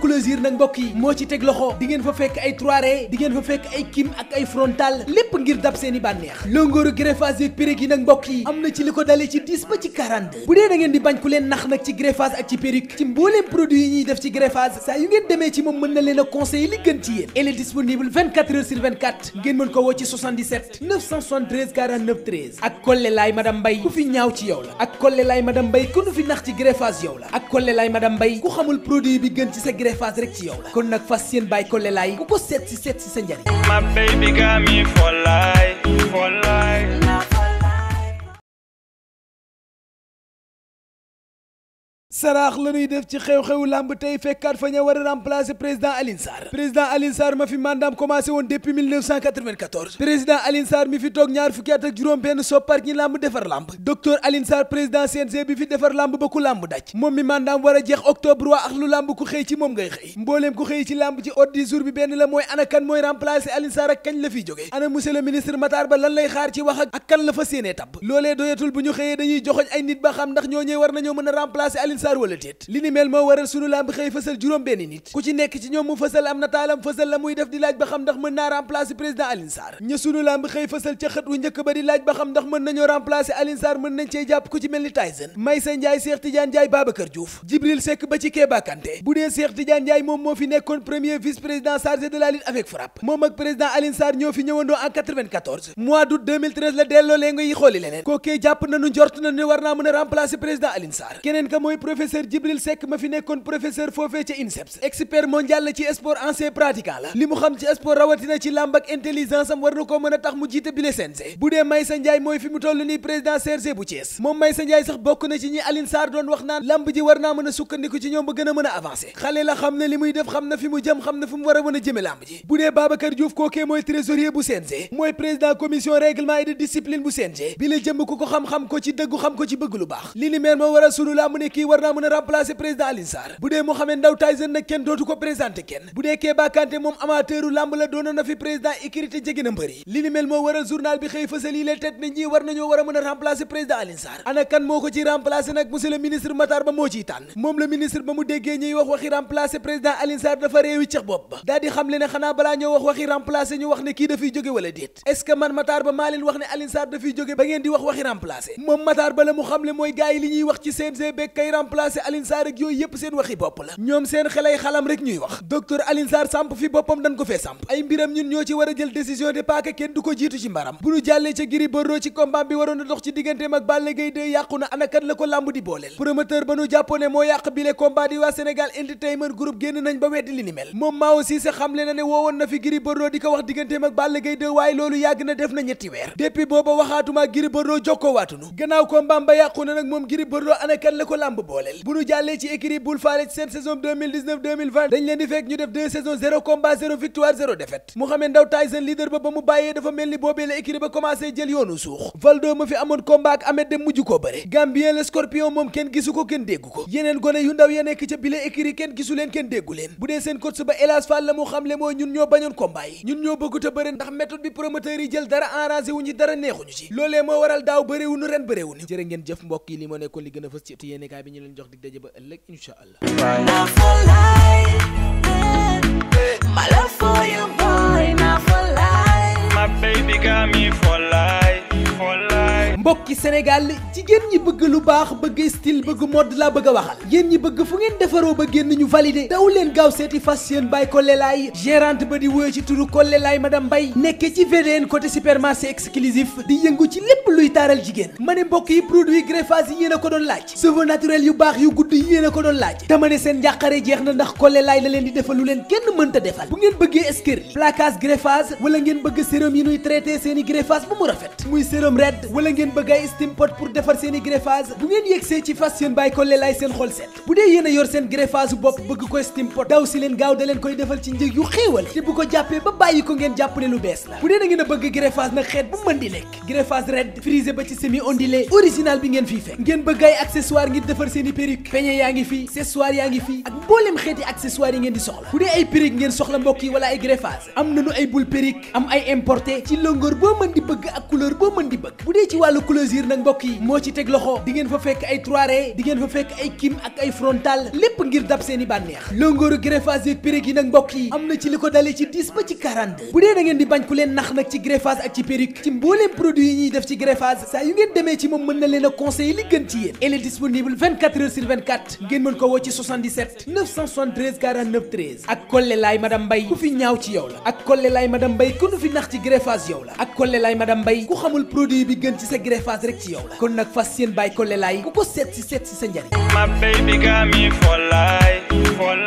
clôture nag mbokk yi moo ci teg loxo di ngeen fa fekk ay trois di ngeen fa fekk ay kim ak ay frontal lépp ngir dab seen bànneex longooru greffage yeeg périg yi nag mbokk yi am na ci li ko dalee ci 10 ba ci 42 bu dee da di bañ ku leen nax nag ci greffage ak ci périg ci mbooleem produit yi ñuy def ci greffage saa yu ngeen demee ci moom mën na leen a li gën ci yéen elle disponible ngeen mën ko woo ak Kolle laay madame Mbaye ku fi ñaaw Serigne ci yow kon nag fas yéen bàyyi ko lelaay ku ko seet si seet si sa njariñ. My baby got me for life, for saraax la def ci xew-xewu làmb tey fekkaat fa ña war a remplacer président Alioune Sarr président Alioune Sarr ma fi mandaam commencé woon depuis 1994 président Alioune Sarr mi fi toog ñaar fukki at ak juróom benn soppar ñi làmb defar làmb docteur Alioune Sarr président CNG bi fi defar làmb ba ku làmb daj moom mi mandaam war a jeex octobre waa ak lu làmb ku xëy ci moom ngay xëy mbooleem ku xëy ci làmb ci ordre du jour bi benn la mooy ana kan mooy remplacer Alioune Sarr ak kañ la fiy jógee ana monsieur le ministre Matar Ba lan lay xaar ci wax bu ñu xëyee dañuy joxoñ ay nit ba xam ndax ñooñee war nañoo mën a remplacer Alioune Sarr Sarr wala li ni mel moo waral sunu lamb xëy fësal juróom benn nit ku ci nekk ci ñoom mu am na taalam la muy def di laaj ba xam ndax mën naa remplacer président Alioune Sarr ña sunu lamb xëy fësal ca xët wu njëkk ba di laaj ba xam ndax mën nañoo remplacer Alioune Sarr mën nañ cee jàpp ku ci mel ni Tyson Maysa Ndiaye Cheikh Tidiane Ndiaye Babacar Diouf Djibril Seck ba ci Kéba bu dee Cheikh Tidiane Ndiaye moom moo fi nekkoon premier vice président chargé de professeur Djibril Seck ma fi nekkoon professeur foofee ca INSEPS expert mondial la ci sport ancien pratiquant la li mu xam ci sport rawatina ci làmb ak intelligence am war na ko mën a tax mu jiite bile CNG bu dee Maysa Ndiaye mooy fi mu toll nii président CRG bu Thiès moom Maysa Ndiaye sax bokk na ci ñi Aline Sarr doon wax naan làmb ji war naa mën a sukkandiku ci ñoom ba gën a mën a avancé xale la xam ne li muy def xam na fi mu jëm xam na fi mu war a mën a jëme làmb ji bu dee Babacar Diouf kookee mooy trésorier bu CNG mooy président commission règlement et de discipline xam ko ci dëggu xam ko ci bëgg lu baax dinaa mën a ci tànn moom le ministre ba mu déggee ñuy wax waxi remplacer président Alioune dafa réewi cax bopp ba daal di ne xanaa balaa ñoo wax waxi remplacer ñu wax ne kii dafiy jóge wala déet est-ce Ba maa leen wax ne Alioune Sarr jóge ba ngeen di wax waxi remplacer moom Matar Ba la mu xam mooy gaay li ñuy wax ci CNG beeg kay remplacer remplacer Alioune Sarr ak yooyu yépp seen waxi bopp la ñoom seen xelay xalam rek ñuy wax docteur Alioune samp fi boppam dañ ko fee samp ay mbiram ñun ñoo ci war a jël décision de paaka kenn du ko jiitu ci mbaram bu ñu jàllee ca Gris Bordeaux ci combat bi waroon a dox ci digganteem ak Balla Gaye 2 yàqu na anakat la ko làmb di booleel promoteur ba nu jàppoone moo yàq bile combat di waa Sénégal Entertainment Group génn nañ ba weddi li ni mel moom Mao Cissé xamle na ne woowoon na fi Gris Bordeaux di ko wax digganteem ak Balla Gaye 2 waaye loolu yàgg na def bu ñu jàllee ci écurie Boul Falé ci seen saison 2019 2020 dañ leen di fekk ñu def deux saisons zéro combat zéro victoire zéro défaite Mouhamed Ndao Tyson leader ba ba mu bàyyee dafa mel ni boobee ba commencé jël yoonu suux Valdo ma fi amoon combat ak Ahmed dem mujj koo bëre Gambien le scorpion moom kenn gisu ko kenn déggu ko yeneen gone yu ndaw ya nekk ca bile écurie kenn gisu leen kenn déggu leen bu dee seen coach ba Elas leen jox dig daje ba ëllëg incha allah. mbokki Sénégal jigéen ñi bëgg lu baax bëgg style bëgg mode laa bëgg a waxal yéen ñi bëgg fu ngeen defaroo ba génn ñu validé daw leen gaaw seeti fas yéen bay Kolelay gérante ba di woy ci turu Kolelay madame Mbaye nekkee ci VDN côté supermarché exclusif di yëngu ci lépp luy taaral jigéen ma ne mbokk yi produit greffage yi yéen a ko doon laaj cheveux naturel yu baax yu gudd yi yéen a ko doon laaj dama ne seen njàqare jeex na ndax Kolelay la leen di defal leen kenn mënta defal bu ngeen bëggee escrit placage ngeen bëgg sérum yi nuy traité seen i greffage bu mu rafet ngeen bëgg ay steam pot defar seen i greffage bu ngeen yegsee ci fas yéen bàyyi ko lelaay seen xol set bu dee yéen yor seen greffage bopp bëgg koy steam daw si leen gaaw da koy defal ci njëg yu xéewal te bu ko jàppee ba bàyyi ko ngeen jàpp lu bees la bu dee da ngeen a bëgg greffage nag xeet bu mën di nekk greffage red frisé ba ci semi ondulé original bi ngeen fii fekk ngeen bëgg ay accessoire ngir defar seen i wàllu clôture nag mbokk yi moo ci teg loxo di fa fekk ay trois di fa fekk ay kim ak ay frontal lépp ngir dab seen i bànneex longooru greffage ak perruque yi nag mbokk yi am na ci li ko dalee ci 10 ba ci 42 bu dee da di bañ ku leen nax nag ci greffage ak ci perruque ci mbooleem produit yi ñuy def ci greffage saa yu ngeen demee ci moom mën na leen a li gën ci yéen elle disponible ngeen mën ko woo ci 77 973 49 13 ak ku fi ñaaw greffage rek ci yow kon nag fas yéen bàyyi ko lelaay ku ko seet si seet baby got me for